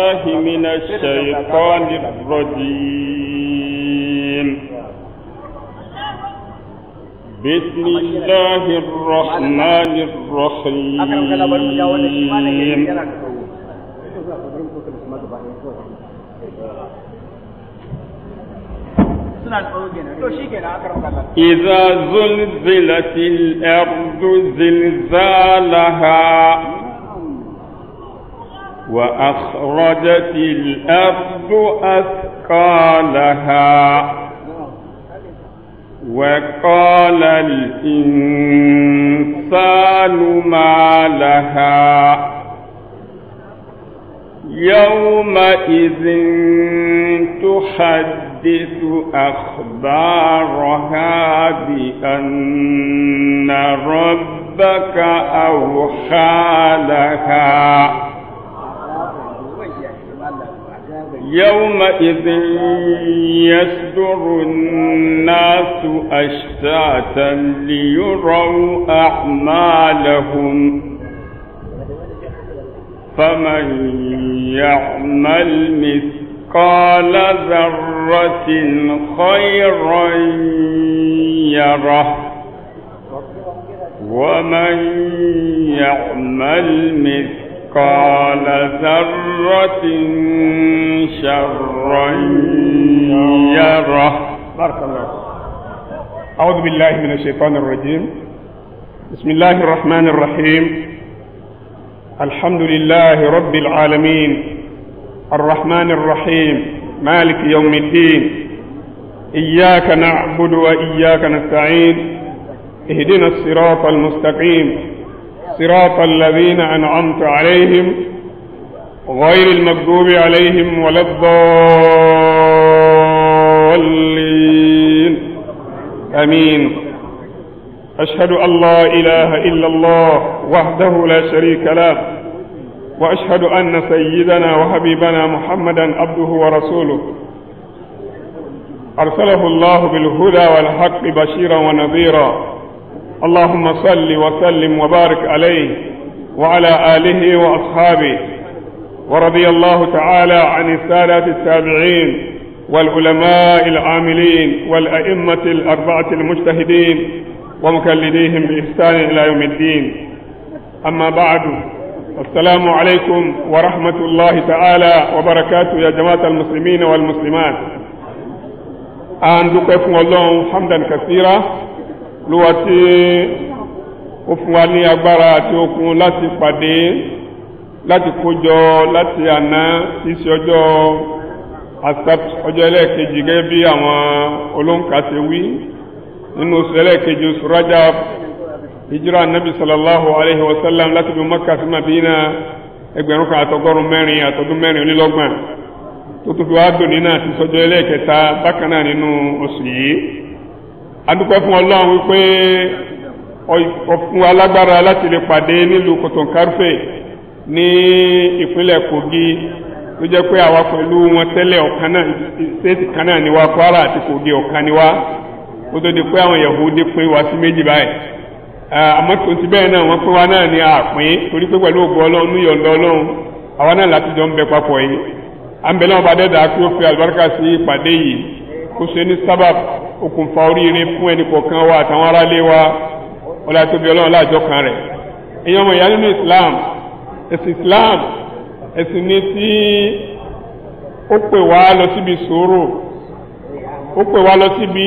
الله من الشيطان الرجيم بسم الله الرحمن الرحيم إذا زلزلت الأرض زلزالها وأخرجت الأرض أثقالها وقال الإنسان ما لها يومئذ تحدث أخبارها بأن ربك أوحى لها يومئذ يصدر الناس أشتاتا ليروا أعمالهم فمن يعمل مثقال ذرة خيرا يره ومن يعمل مثقال مثقال ذرة شرا يره بارك الله أعوذ بالله من الشيطان الرجيم بسم الله الرحمن الرحيم الحمد لله رب العالمين الرحمن الرحيم مالك يوم الدين إياك نعبد وإياك نستعين اهدنا الصراط المستقيم صراط الذين أنعمت عليهم غير المكذوب عليهم ولا الضالين أمين أشهد أن لا إله إلا الله وحده لا شريك له وأشهد أن سيدنا وحبيبنا محمدا عبده ورسوله أرسله الله بالهدى والحق بشيرا ونذيرا اللهم صل وسلم وبارك عليه وعلى آله وأصحابه ورضي الله تعالى عن السادة التابعين والعلماء العاملين والأئمة الأربعة المجتهدين ومكلديهم بإحسان إلى يوم الدين أما بعد السلام عليكم ورحمة الله تعالى وبركاته يا جماعة المسلمين والمسلمات أن دكتور الله حمدا كثيرا lówà tí ó fún wa ní agbára àti okun láti pàdé láti kójọ láti àná tí í ṣe ọjọ́ asabt ọjọ́ ẹlẹ́ẹ̀kejì gẹ́gẹ́ bí àwọn olóńkà ṣe wí nínú oṣù ẹlẹ́ẹ̀kejì oṣù rajab hijira anabi sallallahu alaihi wa sallam láti bí maka sí madina ẹgbẹ̀rún kan àtọgọ́rùn mẹ́rin àtọdún mẹ́rin onílọ́gbọ̀n tó fi wá sọjọ́ ẹlẹ́ẹ̀kẹta adúpẹ́ fún ọlọ́run wípé ọ̀fun alágbára láti lè pàdé nílùú kòtòǹkárùfè ní ìpínlẹ̀ kogi tó jẹ́ pé àwa pẹ̀lú wọn tẹ́lẹ̀ ọ̀kan náà stéètì kan náà ni wa kwara àti kogi ọ̀kan ni wa ó tó di pé àwọn yahudi pín wá sí méjì báyìí àmọ́ tó ti bẹ́ẹ̀ náà wọ́n pín wa náà ni àpín torí pé pẹ̀lú ògùn ọlọ́run ní yọ̀ǹda ọlọ́run àwa náà láti jọ ń bẹ papọ̀ yìí à ń dẹ́dàá kí ó fi àlùbáríkà sí ìpàdé yìí kó ni ní sábàb okùnfà oríire fún ẹnì kọ̀ọ̀kan wa àtàwọn aráalé wa ọlá tóbi ọlọ́run láàjọ kan re. èèyàn ọmọ ìyá islam esi islam esi ni tí ó pè wá lọ síbi sòrò ó pè wá lọ síbi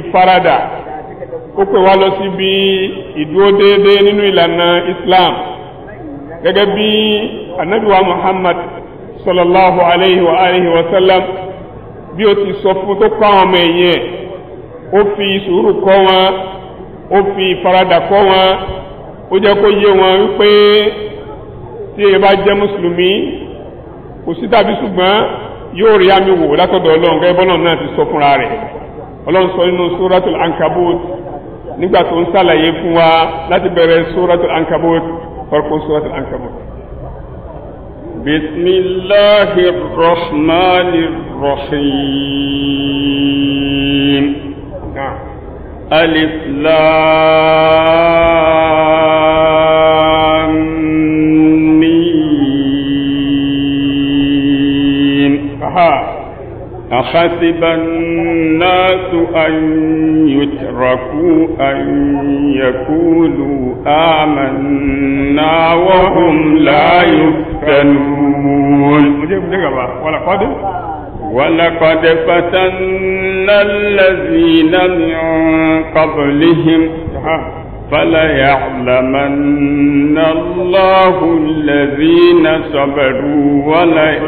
ìfaradà ó pè lo si bi ìdúró déédéé ninu ilana islam gẹ́gẹ́ bí anabiwa muhammad sallallahu alayhi wa alayhi wa sallam. bí ó ti sọ fún tó kọ́ àwọn ọmọ ẹ̀yìn ẹ̀ ó fi sùúrù kọ́ wọn ó fi ìfaradà kọ́ wọn ó jẹ́ kó yé wọn wípé tí èyí bá jẹ́ mùsùlùmí kò sí tàbí ṣùgbọ́n yóò rí àmì wò látọ̀dọ̀ ọlọ́run gẹ́gẹ́ bọ́lọ̀ náà ti sọ fúnra rẹ̀ ọlọ́run sọ nínú suratul ankabut nígbà tó ń sàlàyé fún wa láti bẹ̀rẹ̀ suratul ankabut farkon suratul ankabut. بسم الله الرحمن الرحيم نعم ألف أحسب الناس أن يتركوا أن يقولوا آمنا وهم لا يفتنون ولقد ولقد فتنا الذين من قبلهم فليعلمن الله الذين صبروا ولا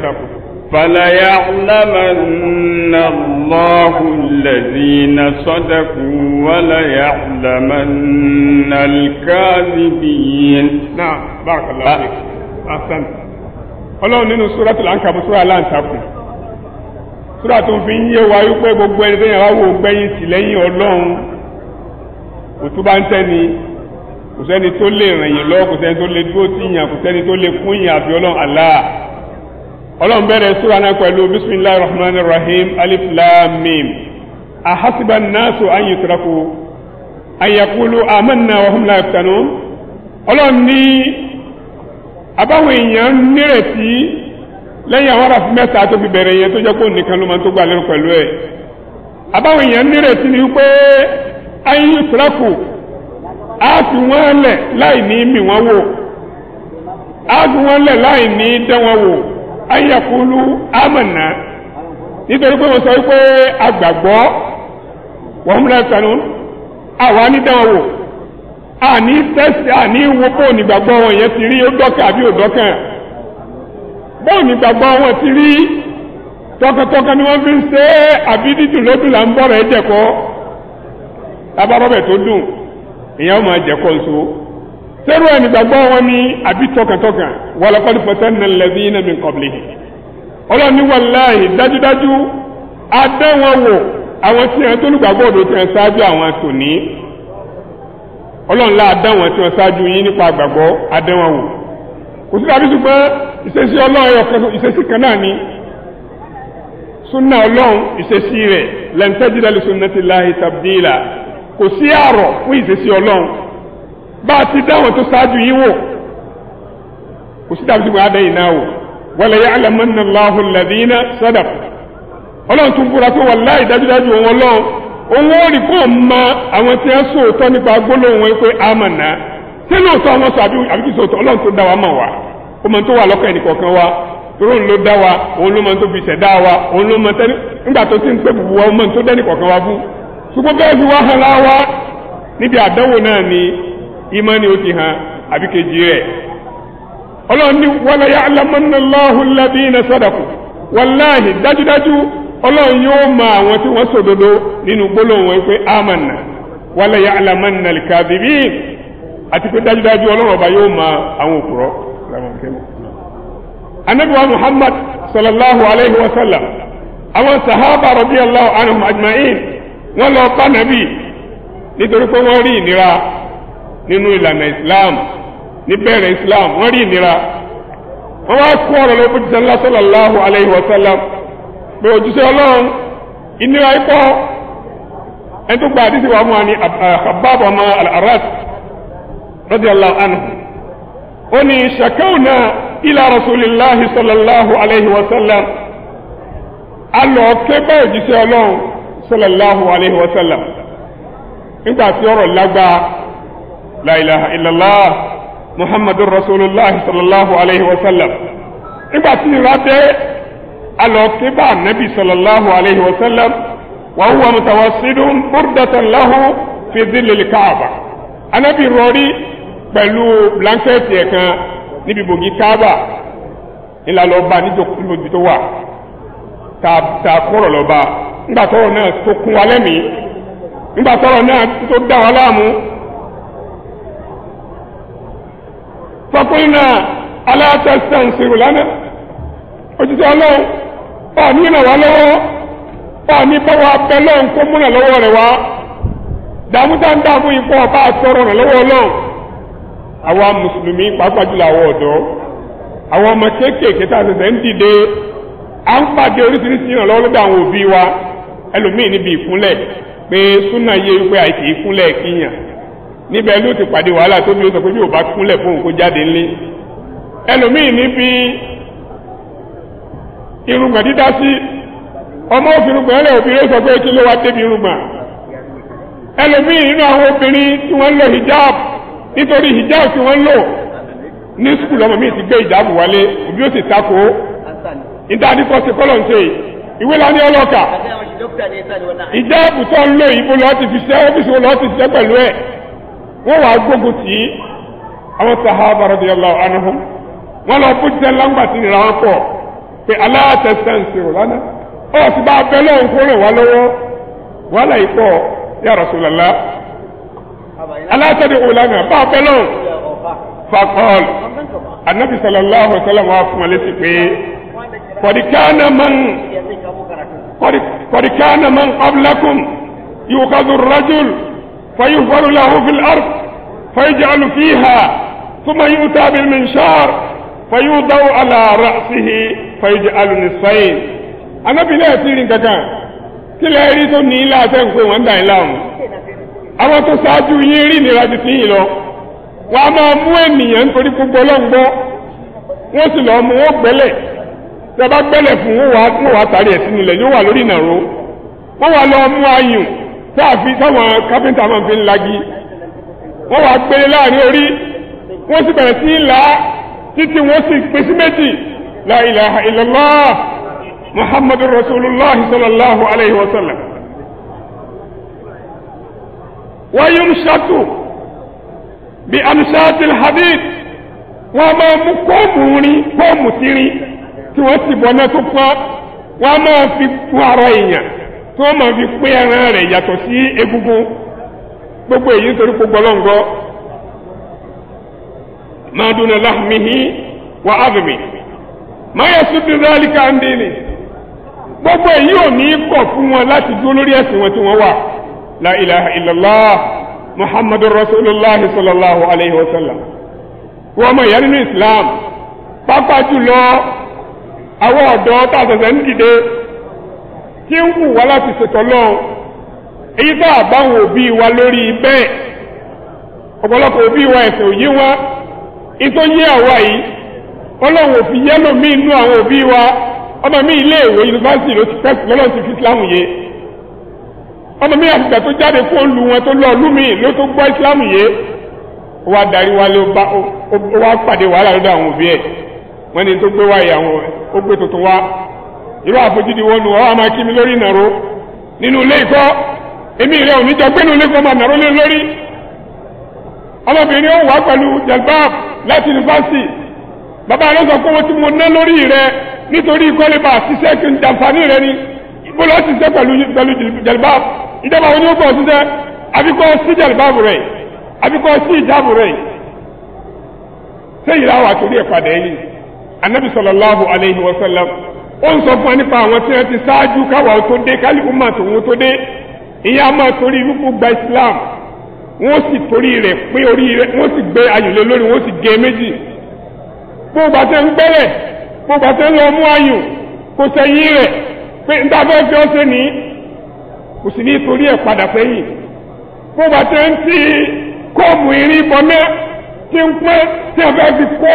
فليعلمن الله الذين صدقوا وليعلمن الكاذبين نعم بارك الله فيك ahsan ọlọ́run nínú suratul ankabut sura aláǹtakùn sura tó fi ń yé wa wípé gbogbo ẹni tó yàn wá ọlọ́run òtún bá ń tẹ́ni kò sẹ́ni tó lè ràn yín lọ́wọ́ kò sẹ́ni tó lè dúró yàn ọlọ́run Allah ọlọ́run bẹ̀rẹ̀ abáwọn èèyàn nírètí lẹ́yìn àwọn aráàfin mẹ́ta tó fi bẹ̀rẹ̀ yẹn tó jẹ́ pé nìkan ló máa tó gbà lẹ́nu pẹ̀lú ẹ̀ abáwọn èèyàn nírètí ni wípé ayé ìfúrákù á fi wọ́n lẹ̀ láì ní mì wọ́n wò á fi wọ́n lẹ̀ láì ní dẹ́ wọ́n wò amọ̀nà nítorí pé wọ́n sọ wípé wọ́n múlẹ̀ sanu àwa ní dẹ́ àní tẹ́sí àní wo bóòní gbàgbọ́ wọn yẹn ti rí ó dọ́kàn àbí ò dọ́kàn bóòní gbàgbọ́ wọn ti rí tọkàntọkàn ni wọ́n fi ń ṣe é àbí dídùn lódùn là ń bọ̀rọ̀ jẹ̀kọ́ tó dùn ìyẹn máa jẹ̀kọ́ nso sẹ́rù ẹni gbàgbọ́ wọn ni àbí tọkàntọkàn wàlọ́kọ́ni pọ̀tẹ́ni lẹ́sìn ọlọ́ni dájúdájú wò àwọn tí ọlọ́run láà dán wọn tí wọ́n ṣáájú yín nípa àgbàgbọ́ adẹ́wọ̀n wò kò sí tàbí ṣùgbọ́n ìṣesí ọlọ́run ìṣesí kan náà ni súnà ọlọ́run ìṣesí rẹ̀ lẹ́ńtẹ́jìdálẹ̀ súnà ti láàyè tàbílà kò sí àrọ̀ fún ìṣesí ọlọ́run bá a ti dáwọn tó ṣáájú yín wò kò sí tàbí ṣùgbọ́n adẹ́yìn náà wò wala ya'lamanna Allahu alladhina sadaqu ọlọ́run tún búra pé wàláì dájúdájú òun ọlọ́run òun ó rí kó mọ àwọn tí wọ́n sòótọ́ nípa gbólóhùn wọn pé àmọ̀nà ṣé a wọn sọ àbí sòótọ́ ọlọ́run tó dá wa mọ̀ wá ó tó wà wa tóró ló dá wa òun ló mọ tó fi ṣẹ̀dá wa òun ló mọ nígbà tó ti ń pẹ́ bùbù wa ó tó wa bú bẹ́ẹ̀ fi wá hàn láwa níbi àdánwò náà ni ìmánì ó ti hàn rẹ̀ ọlọ́run ọlọ́run yóò mọ àwọn tí wọ́n sòdodo nínú gbólóhùn wọn pé amanna wala ya'lamanna al-kadhibin àti pé dájúdájú ọlọ́run ọba yóò mọ àwọn òpùrọ́ anabiwa muhammad sallallahu alayhi wa sallam àwọn sahaba radiyallahu anahu ajma'in wọ́n lọ bá nabi nítorí pé wọ́n rí ìnira nínú ìlànà islam níbẹ̀rẹ̀ islam wọ́n rí ìnira wọ́n wá kó ọ̀rọ̀ lọ́wọ́ sallallahu alayhi wa sallam. pé ojúṣe ọlọ́run ìnira ikọ́ ẹni tó gba àdísì wa mú wa ní àbábà ọmọ al-aras radiyallahu anhu ó ní ṣàkóònà ilà rasulillahi sallallahu alayhi wa sallam alọ́ kẹ́gbẹ́ ojúṣe ọlọ́run sallallahu alayhi wa sallam nígbà tí ọ̀rọ̀ lágbàá la ilaha illallah muhammadur rasulillah sallallahu alayhi wa sallam nígbà tí ìrọ̀ dé. alọ́ọ̀tí bá anabi sallallahu alayhi wa sallam wà wúwa mutawassidun burdatan lahu fi zilili anabi rọrí pẹ̀lú blanketi ẹ̀ kan níbi bògì kaaba ńlá lọ bá níbi tó ọ̀ní ràn wá lọ́wọ́ ọ̀ní bá wa bẹ lọ́wọ́ rẹ̀ wá ikọ̀ ọba rẹ̀ lọ́wọ́ ọlọ́run àwa mùsùlùmí pàápàá jùlọ àwọn ọ̀dọ́ àwọn ọmọ kéékèèké tá a ń dìde à ń pàdé wa ẹlòmíì níbi pé súnà yé wípé kíyàn níbẹ̀ ló ti pàdé wàhálà tóbi ó sọ pé irùngbọ̀n dídá sí ọmọ òfìrùngbọ̀n ẹlẹ́ obìnrin sọ pé kí ló wá débi irùngbọ̀n ẹlòmíì nínú àwọn obìnrin tí wọ́n ń lo hijab nítorí hijab tí wọ́n ń lò ní sukùl ọmọ mi ti gbé hijab wálé òbí ó sì takò ó hijab tó ń lò ìbò lọ́ọ́ ti fi ṣe ọ́fíìsì wọn lọ́ọ́ ti ṣe pẹ̀lú ẹ̀ wọ́n wàá gbógun tì í àwọn lọ pé aláàtẹ̀sẹ̀ǹsì ò lánàá ó sì bá abẹ́ lọ́hùn kó ràn wá lọ́wọ́ wàhálà yìí pọ̀ yà Rasulullah aláàtẹ̀dẹ̀ ò lánàá bá abẹ́ lọ́hùn fakol anabi sallallahu alaihi wa sallam wa fún wa létí pé kọ̀dìkánà man kọ̀dìkánà man qablakum yukhadhu ar-rajul fayufaru lahu fil ard fayajalu fiha thumma yu'ta bil minshar. fayudaw ala ra'sihi fayuj'alu nisfayn anábìlẹ̀ ti rìn kankan kí lẹ́ rí tó ní ilé àtẹ́kùn pé wọ́n ń dà ní láàmú àwọn tó ṣáájú yín ju ti lọ máa mú ènìyàn nítorí gbogbo ọlọ́ngbọ́ wọn sì lọ́ọ́ mú bá gbẹ́lẹ̀ fún wọn wà tàrí ẹ̀ sínú yóò wà lórí ìnàró wọ́n wà lọ́ọ́ mú ayùn táàfin máa fi ń lagi wà gbélé láàrin orí sì bẹ̀rẹ̀ títí wọ́n sì pín sí méjì la ilaha illallah muhammadu rasulillah sallallahu alayhi wa sallam. وينشط بأنشاط الحديد wọ́n máa mú kóòmù rin kóòmù tirin tí wọ́n sì bọ́ náà tó pọ́ wọ́n máa fi kú ara èèyàn tí wọ́n máa fi pín ẹran rẹ̀ yàtọ̀ sí egungun gbogbo èyí nítorí gbogbo ọlọ́ngọ́ ما lahmihi wa وعظمه ma يسد ذلك عن دينه gbogbo èyí ò ní kọ̀ fún wọn láti dúró lórí ẹ̀sìn wọn tí la ilaha illallah muhammadu rasulillah sallallahu alayhi wa sallam wọ́n mọ̀ islam pápá jùlọ àwọn tá a ṣẹ̀ṣẹ̀ ń dìde tí ń wù wá láti ṣètò a bá obi wa lórí bẹ́ẹ̀ ọ̀pọ̀lọpọ̀ òbí wa ìtọ́ yé àwa yìí ọlọ́run òfin yẹ́lò mí inú àwọn wa ọmọ mi ilé ìwé yunifásitì ló ti fẹ́sì lọ́lọ́run ti ọmọ mi àtìgbà tó jáde kó lu wọn tó lọ lú mi ló tó gbọ́ islam yé ó wá darí wa ló bá ó wá pàdé wàhálà lọ́dọ̀ àwọn òbí ẹ̀ wọ́n ní tó gbé wá ìyàwó ó gbé tuntun wá irú àfojúdi wọn nù ọ́ mi lórí ìnàró nínú ilé ìkọ́ èmi ilé láti yunifásitì bàbá rẹ sọ pé owó tí mo ná lórí rẹ nítorí kọ́lébà ṣiṣẹ́ kí n jàǹfààní rẹ ni bó lọ ṣiṣẹ́ pẹ̀lú pẹ̀lú jẹ̀lbáàb ìjọba wo ni ṣiṣẹ́ àbíkọ́ sí jẹ̀lbáàb rẹ àbíkọ́ sí ìjáàbù rẹ sẹ́yìn torí ẹ̀ padà yìí anabi sallallahu alayhi wa sallam ó ń sọ fún nípa àwọn tí wọ́n ti ṣáájú káwa tó dé dé ìyá máa torí gba wọ́n sì torí rẹ̀ pé orí rẹ̀ wọ́n sì gbé ayò lé lórí wọ́n sì gé méjì gbogbo àti ń gbẹ́rẹ̀ gbogbo àti ń lọ mú ayò kó sẹ́yìn rẹ̀ pé fẹ́ fi ọ́ ṣe ní kò sì ní torí ẹ̀ padà sẹ́yìn ń ti irin tí ń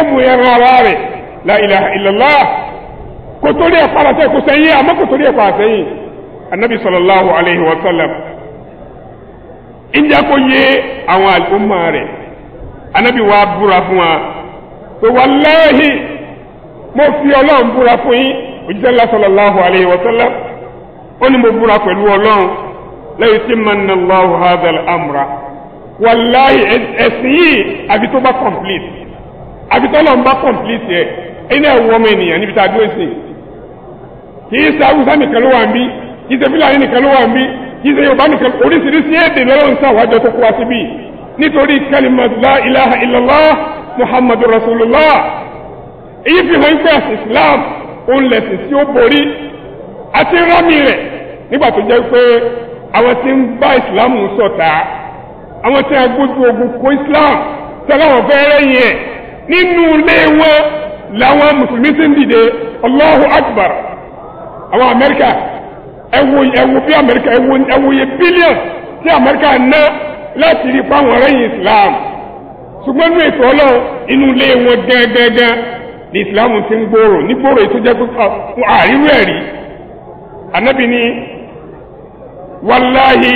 fi ẹran ara rẹ̀ la kò torí ẹ̀ padà sẹ́yìn kò sẹ́yìn àmọ́ anabi wa ìjà kò yé àwọn àlùmọ́ rẹ̀ anábì wa búra fún wa pé wàláhì mo fi ọlọ́run búra fún yín òjíṣẹ́ ńlá sallallahu alayhi ó ní mo búra pẹ̀lú ọlọ́run Allahu hadha al-amra wàláhì ẹ̀sìn yìí tó bá complete àfi tó lọ́n bá complete yẹ ẹ̀yin náà wọ́n ènìyàn níbi tá a dúró sí kì í ṣe awúsá ìṣe yorùbá nìkan oríṣiríṣi èdè lọ́lọ́run sàwájọ tó kó wa síbí nítorí kalimatu la ilaha illallah muhammadu rasulullah èyí fi hàn pé àṣì islam òun lẹ̀sìn tí ó borí àti rámì rẹ̀ nígbà tó jẹ́ pé àwọn tí ń bá islam ṣọ̀tá àwọn tí a gbójú ogun kó islam tẹ́láwọ̀n fẹ́rẹ́ yẹn nínú ilé wọn làwọn mùsùlùmí ti ń dìde allahu akbar àwọn amẹ́ríkà ẹwù ẹwù bí amẹ́ríkà ẹwù ẹwù yẹ bílíọ̀n tí amẹ́ríkà ná láti rí fáwọn ọ̀rẹ́yìn islam ṣùgbọ́n ní ètò ọlọ́run inú ilé wọn gẹ́gẹ́gẹ́ ní islam ti ń gbòòrò ní gbòòrò ètò jẹ́ pé fún àríwú ẹ̀rí anábì ní wàláhi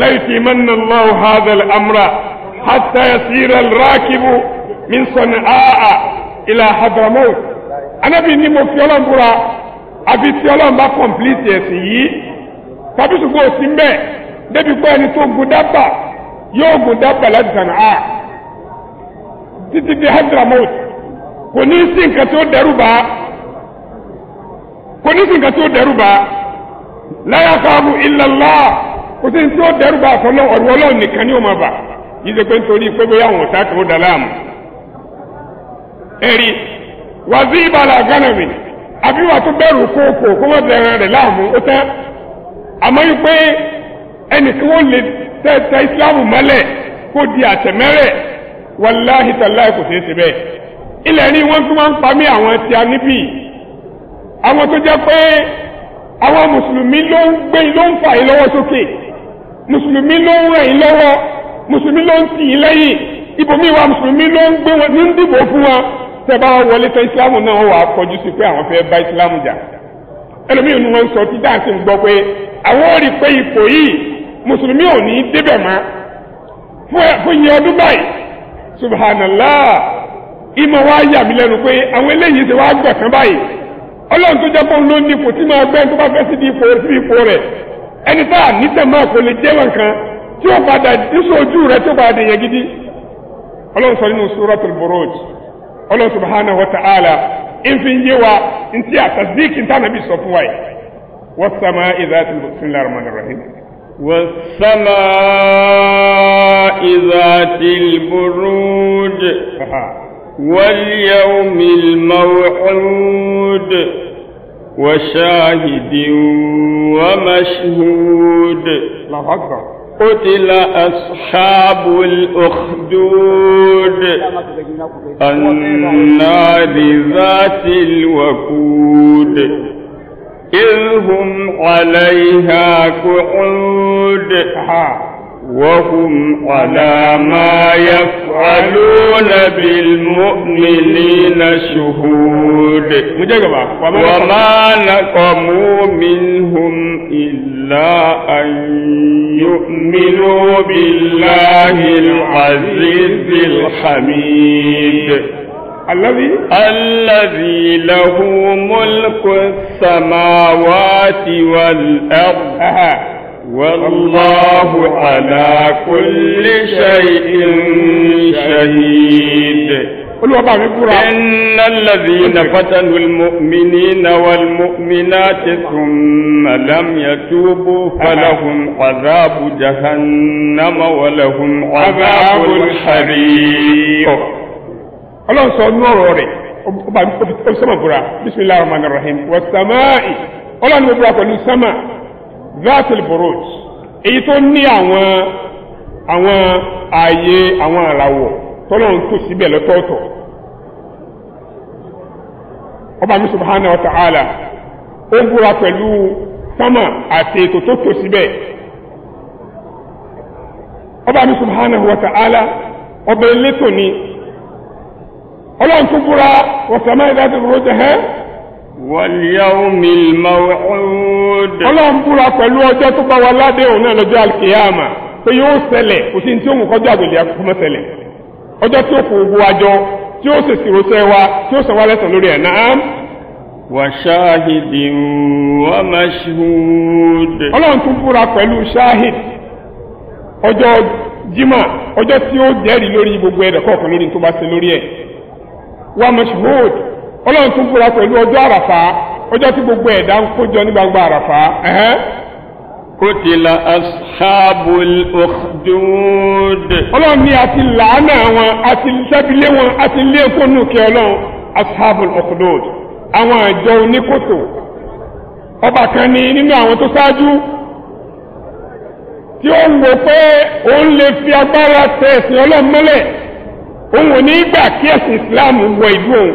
lẹ́yìn tí mẹ́nà lọ́wọ́ hadal amra hatta yasira rakibu min sọ̀nà áà ilà hadramaut anábì ní mo fi ọlọ́run búra. àfi tí ọlọ́run bá kọ̀m̀plìtì ẹ̀sìn yìí tàbí ṣùgbọ́n òsì mbẹ́ débi pé ẹni tó gun dábà yóò gun dábà láti sànà á títí di hadramaut kò ní sí nǹkan tó dẹrù bá kò ní sí nǹkan tó dẹrù bá láyà fáwọn ìlàlá kò sí tí ó dẹrù bá àfọlọ ọ̀rọ̀ ọlọ́run nìkan ní òun àbà yìí ṣe pé nítorí pé bóyá àwọn ọ̀tá tó dà láàmú. ẹ̀rí wàzí ìbàlá gánà mi àbíwà tó bẹ̀rù kókò kó wọ́n bẹ̀rẹ̀ rẹ̀ láàmú ó tẹ́ àmọ́ yìí pé ẹnìkan ó lè tẹ́tẹ́ islam mọ́lẹ̀ kó di àtẹ̀mẹ́rẹ̀ wàláhì tàláì kò ṣeé ṣe bẹ́ẹ̀ ilẹ̀ rí wọ́n tún wọ́n ń pa mí àwọn ti aníbì àwọn tó jẹ́ pé àwọn mùsùlùmí ló ń gbé ló ń fà yín lọ́wọ́ sókè mùsùlùmí ló ń ràn yín lọ́wọ́ mùsùlùmí ló ń tì yín lẹ́yìn ibòmíì mùsùlùmí ló ń gbé wọn ní ń dìbò fún wọn tẹ bá wọlé tán ìsìláàmù náà wà á kọjú sí pé àwọn fẹ́ bá ìsìláàmù jà ẹlòmíràn ni wọ́n sọ ti dáǹsì ń gbọ́ pé àwọn ò rí pé ipò yìí mùsùlùmí ò ní débẹ̀ mọ́ fún ọdún báyìí subhanallah ìmọ̀ wa yà mí lẹ́nu pé àwọn eléyìí ti wá báyìí ọlọ́run tó jẹ́ pọ́n ló ní ipò tí máa gbẹ́ tó bá fẹ́ sí ipò sí ipò gidi ọlọ́run sọ nínú Allah subhanahu wa ta'ala in yé wa in tiya tasdiki nta na bi sọ fún wa yi wa sama izaati bisimilahi rahman rahim. والسماء ذات البروج واليوم الموعود وشاهد ومشهود الله أكبر قتل أصحاب الأخدود النار ذات الوقود إذ هم عليها قعود وهم على ما يفعلون بالمؤمنين شهود وما نقموا منهم إلا أن يؤمنوا بالله العزيز الحميد الذي الذي له ملك السماوات والأرض والله على كل شيء شهيد إن الذين فتنوا المؤمنين والمؤمنات ثم لم يتوبوا فلهم عذاب جهنم ولهم عذاب الحريق الله سنور بسم الله الرحمن الرحيم والسماء الله نبراك للسماء zatil buroj èyí tó ní àwọn àwọn ààyè àwọn àràwọ̀ tọ́lọ́run tó síbẹ̀ lọ́tọ̀ọ̀tọ̀ ọba mi subhanahu wa ta'ala ó búra pẹ̀lú sánmà àti ètò tó tó síbẹ̀ ọba mi subhanahu wa ta'ala ọba elétò ni ọlọ́run tó búra wàlíyàwómi mawọ́ọ́dẹ. ọlọ́run búra pẹ̀lú ọjọ́ wa ládé òun náà lọ́jọ́ alkiyama pé yóò ṣẹlẹ̀ kò sí tí òun kọjá àgbèlè àkókò mọ́ ṣẹlẹ̀ ọjọ́ tí ó ewa gbó àjọ tí ó ṣèṣì rọṣẹ́ wa tí ó sàn wá lẹ́sàn lórí ẹ̀ náà. wà ṣáàhìdì wà gbogbo ọlọ́run tún búra pẹ̀lú ọjọ́ àràfà ọjọ́ tí gbogbo ẹ̀dá ń kójọ ní gbangba àràfà. kutila ashabul ukhdud. ọlọ́run ní àti làánà wọn àti sẹ́bilé wọn àti lẹ́kọ̀ọ́nù kẹ́ ọlọ́run ashabul ukhdud àwọn àjọ oníkòtò ọba kan ní nínú àwọn tó ṣáájú tí ó ń wò pé òun lè fi agbára tẹ ẹ̀sìn ọlọ́run mọ́lẹ̀ òun ò ní gbà kí ẹ̀sìn islam wọ ìlú òun.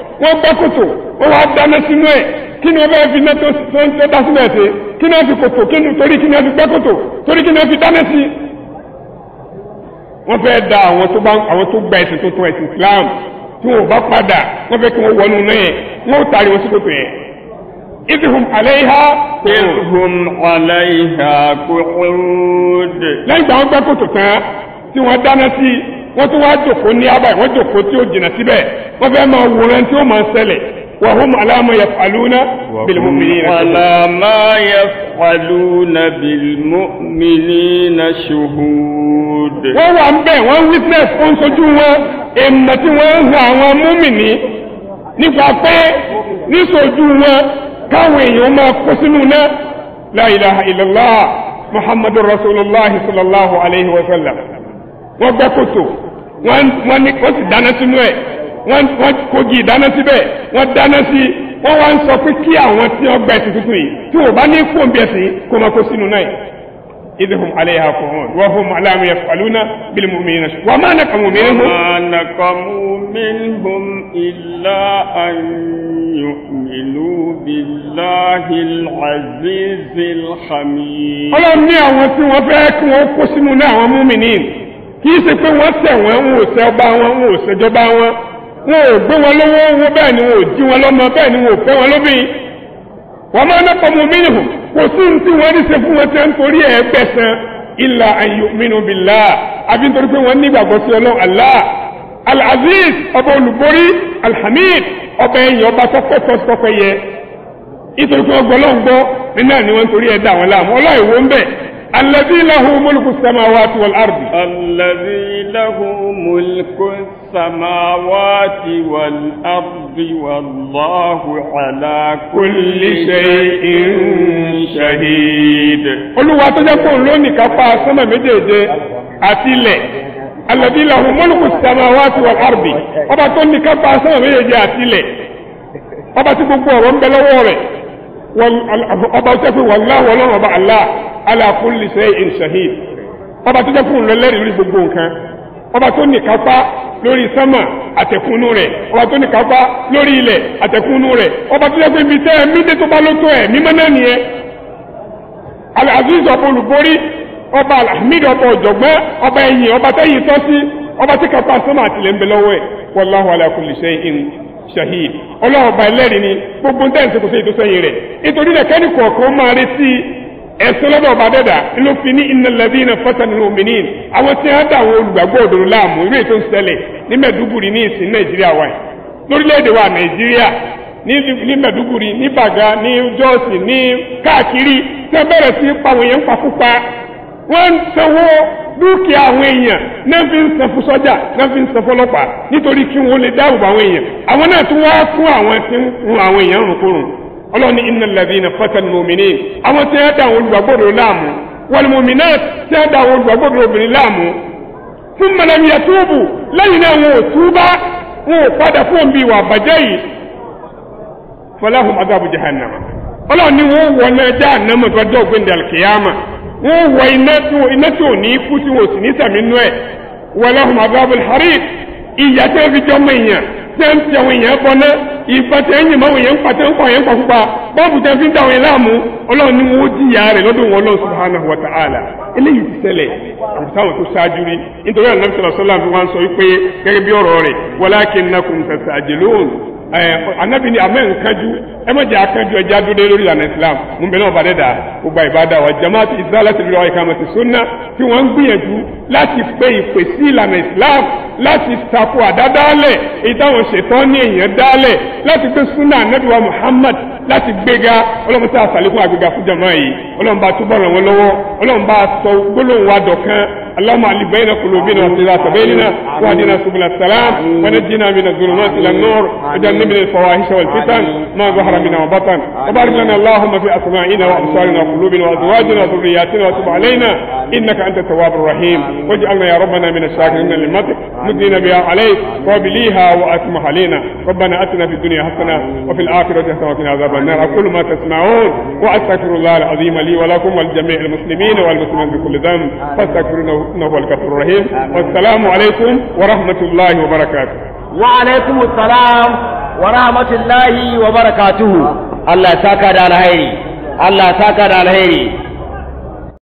wọ́n gbọ́ kòtò wọ́n wá dáná sínú ẹ̀ kí ni wọ́n fẹ́ fi iná tó tó dá sínú ẹ̀ sí kí ni wọ́n fi kòtò kí ni torí kí ni wọ́n fi gbẹ́ kòtò torí kí ni wọ́n fi dáná sí. wọ́n fẹ́ da àwọn tó bá àwọn tó gba ẹ̀sìn tuntun ẹ̀sìn Islam tí wọ́n bá padà wọ́n fẹ́ kí wọ́n wọnú náà yẹn wọ́n tari wọn sí kòtò yẹn. إذهم عليها إذهم عليها قعود lẹ́yìn tí wọ́n gbẹ́ kòtò tán tí wọ́n dáná sí wọ́n tún wá jòkó ní abáyé wọ́n jòkó tí ó jìnnà síbẹ̀ وفي ما ورنت وما سلي وهم على ما يفعلون بالمؤمنين على ما يفعلون بالمؤمنين شهود وهو عم بين وهو مثل يسكن سجوا إما تواجه مؤمني نفعت نسجوا كوي يوم قسمنا لا إله إلا الله محمد رسول الله صلى الله عليه وسلم وبكتو وان وان وان دانا سنوي wọ́n kogi ìdáná síbẹ̀ wọ́n dáná sí wọ́n wá ń sọ pé kí àwọn tí wọ́n gba ẹ̀sìn tuntun yìí tí wọ́n bá ní fóun bí ẹ̀sìn kó máa kó sínú náà idhum alayha qu'ud wa hum ala ma yaf'aluna bil mu'minina wa ma naqamu minhum ma naqamu minhum illa an yu'minu billahi al-aziz al-hamid Ọlọ́run ní àwọn tí wọ́n fẹ́ kí wọ́n kó sínú náà àwọn mu'minin kì í ṣe pé wọ́n tẹ̀ wọ́n ń wò sẹ́jọba wọn ń wò sẹ́jọba wọn wọn ò gbé wọn lọ́wọ́ owó bẹ́ẹ̀ ni wọn ò jí wọn lọ́mọ bẹ́ẹ̀ ni wọn ò fẹ́ wọn lóbìn wọn máa ná pọmọ mínú kò sí ní tí wọn ní ṣe fún wọn tẹ nítorí ẹ gbẹ̀san ilà ayò mínú bìlá àbí nítorí pé wọn nígbàgbọ́ sí Ọlọ́run Allah Al-Aziz ọba olùborí Al-Hamid ọba ẹ̀yìn ọba tọpẹ tọpẹ yẹ nítorí pé wọn gbọ́ Ọlọ́run gbọ́ nínú àná ni wọn nítorí ẹ dá wọn láàmú ọlọ́ọ̀ ìwọ ń bẹ̀ الذي له ملك السماوات والأرض الذي له ملك السماوات والأرض والله على كل شيء شهيد قل واتجفون لوني كفا سما مجيجي أتيلي الذي له ملك السماوات والأرض وباتوني كفا سما مجيجي أتيلي وباتوني كفا سما مجيجي أتيلي ọba tó fi wàláhù ọlọ́run ọba Allah ala kulli shay'in shahid ọba tó jẹ́ fún lọ́lẹ́rìí lórí gbogbo nǹkan ọba tó nìkápá lórí sánmà àtẹ̀kúnú rẹ̀ ọba tó nìkápá lórí ilẹ̀ àtẹ̀kúnú rẹ̀ ọba tó jẹ́ pé ibi tẹ́ bá lótó ẹ, mímọ́ náà nìyẹn ọba olùborí ọba alhamid ọba ọ̀jọ̀gbọ́n ọba ẹ̀yìn ọba tẹ́yìn tọ́sí ọba tí kápá shahid ọlọ́ọ̀ba ẹlẹ́rìí ni gbogbo ń tẹ̀sí kò sí ètò sẹ́yìn rẹ̀ nítorí rẹ̀ kẹ́ni kọ̀ọ̀kan máa retí ẹ̀sùn lọ́dọ̀ ọba dẹ́dà ló fi ní iná lẹ́bí iná fọ́tàn ní omi ní àwọn tí wọ́n dà àwọn olùgbàgbọ́ òdòdó láàmú irú ètò ìṣẹ̀lẹ̀ ní mẹ́dúgùrì ní ìsìn nàìjíríà wa lórílẹ̀‐èdè wa nàìjíríà ní mẹ́dúgùrì ní bàgà ní jọ́ọ̀sì ní káàkiri tí wọ́n bẹ̀rẹ̀ sí pàwọn yẹn ń pakúpa wọ́n ń sanwó dúkìá àwọn èèyàn náà fi ń san fún sọ́jà náà fi ń san fọlọ́pàá nítorí kí wọ́n lè dáàbò àwọn èèyàn àwọn náà tún wá fún àwọn tí ń hun àwọn èèyàn rùnkúrùn ọlọ́run ní innal ladhina fatanu mu'minin àwọn tí wọ́n dá àwọn olùgbàgbọ́dọ̀ láàmú wal mu'minat tí wọ́n dá àwọn olùgbàgbọ́dọ̀ obìnrin láàmú fún mọ̀lẹ́mí ẹ̀túbù lẹ́yìn náà wọn ò túbá wọ́n wọ iná tí ò ní kú tí wọ́n sì ní sẹ̀mí nú ẹ̀ walahum adhabul hariq ìyá tẹ́ fi jọ́ mọ èèyàn tẹ́ ń fi àwọn èèyàn bọ́ná ìfà tẹ́ ń yìnbọn èèyàn pa tẹ́ ń bọ́ọ̀bù tẹ́ fi ń da àwọn èèyàn láàmú ọlọ́run ni wọ́n jìyà rẹ̀ lọ́dọ̀ wọn lọ́wọ́ subhanahu wa ta'ala eléyìí ti ṣẹlẹ̀ àbùsáwọn tó ṣáájú rí nítorí sọlá ẹ eh, anabi ni amẹ nkanju ẹ má jẹ akanju ẹ jẹ adúlé lórí ìlànà islam mo bẹ náà balẹ̀ dà gbogbo ìbáda wa jamaatu izalati lórí ọ̀yẹ̀ká àmọ̀ sí sunna tí wọ́n ń gbìyànjú láti pe ìpè sí ìlànà islam láti tako àdádálẹ̀ èyí táwọn ṣètọ́ ní èèyàn dálẹ̀ láti pe sunna anabi wa muhammad láti gbéga ọlọ́run tí a sàlékún àgbéga fún jama yìí ọlọ́run bá túbọ̀ ràn wọ́n lọ́wọ́ ọlọ́run bá sọ gbólóhùn wa dọ̀kan اللهم علي بين قلوبنا واختلاف بيننا واهدنا سبل السلام ونجنا من الظلمات الى النور وجنبنا الفواحش والفتن ما ظهر منها وبطن وبارك لنا اللهم في اسماعنا وابصارنا وقلوبنا وازواجنا وذرياتنا وتب علينا انك انت التواب الرحيم واجعلنا يا ربنا من الشاكرين لنعمتك مدين بها عليك وبليها واسمح علينا ربنا اتنا في الدنيا حسنه وفي الاخره حسنه وقنا عذاب عذاب النار أقول ما تسمعون وأستغفر الله العظيم لي ولكم ولجميع المسلمين والمسلمين بكل ذنب فاستغفروه إنه هو الغفور الرحيم والسلام عليكم ورحمة الله وبركاته وعليكم السلام ورحمة الله وبركاته الله ساكت على هيري الله ساكت على هيري